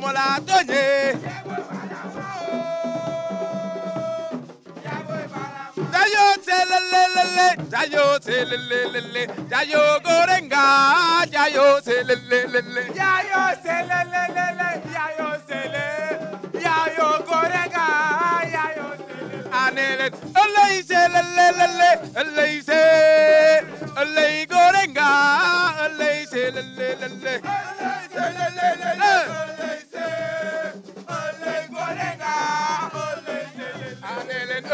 duma la tooñee. jayo selelelele jayo selelelele jayo gorenga jayo selelelele. jayo selelelele jayo sele jayo gorenga jayo sele. anele oley selelelele oley se oley gorenga oley selelelele. oley selelelele.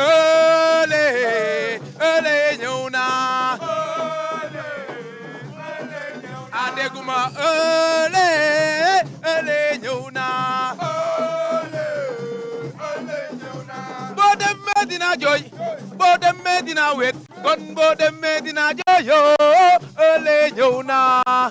ëllë ëllë ñëw naa a dégguma ëllë ëllë ñëw naa boo demee dina jooy boo demee dina wet kon boo demee dina jooyoo ëllë ñëw naa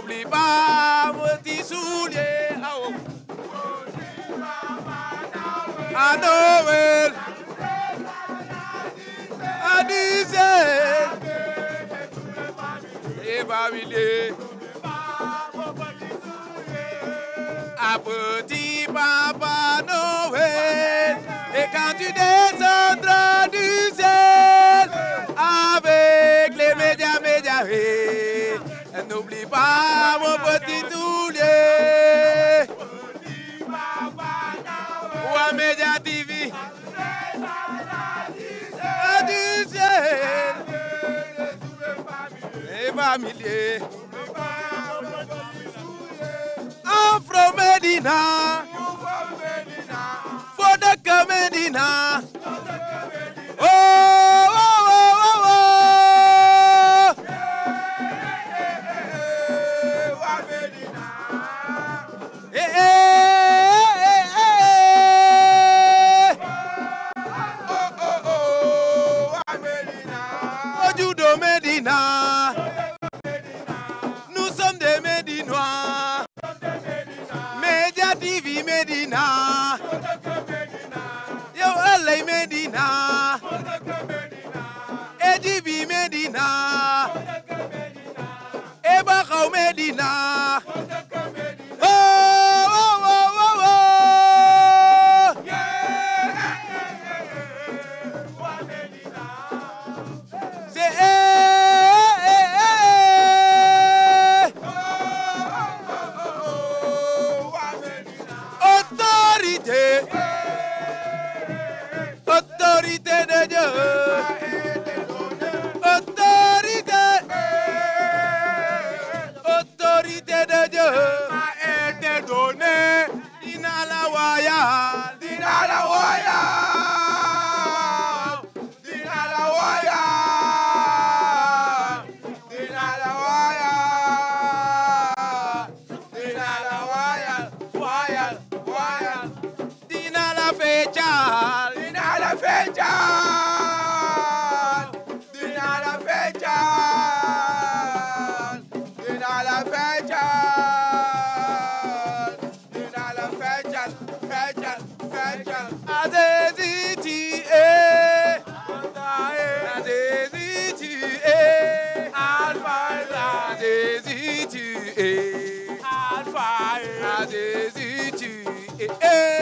n'oublie pas mon petit soulier. Ah, oh. À Noël. À Disney. Et familier. À petit papa Noël. Et quand tu descendras du ciel. N'oublie pas mon petit Toulé. Wa Média TV. Les familiers. Afro Medina. Fodaka Medina. Médinois. Nous sommes des Médinois. Média TV Médina. Yow ëllëg Médina. Edibi Médina. Ebaxaw Médina. Fall eh, eh.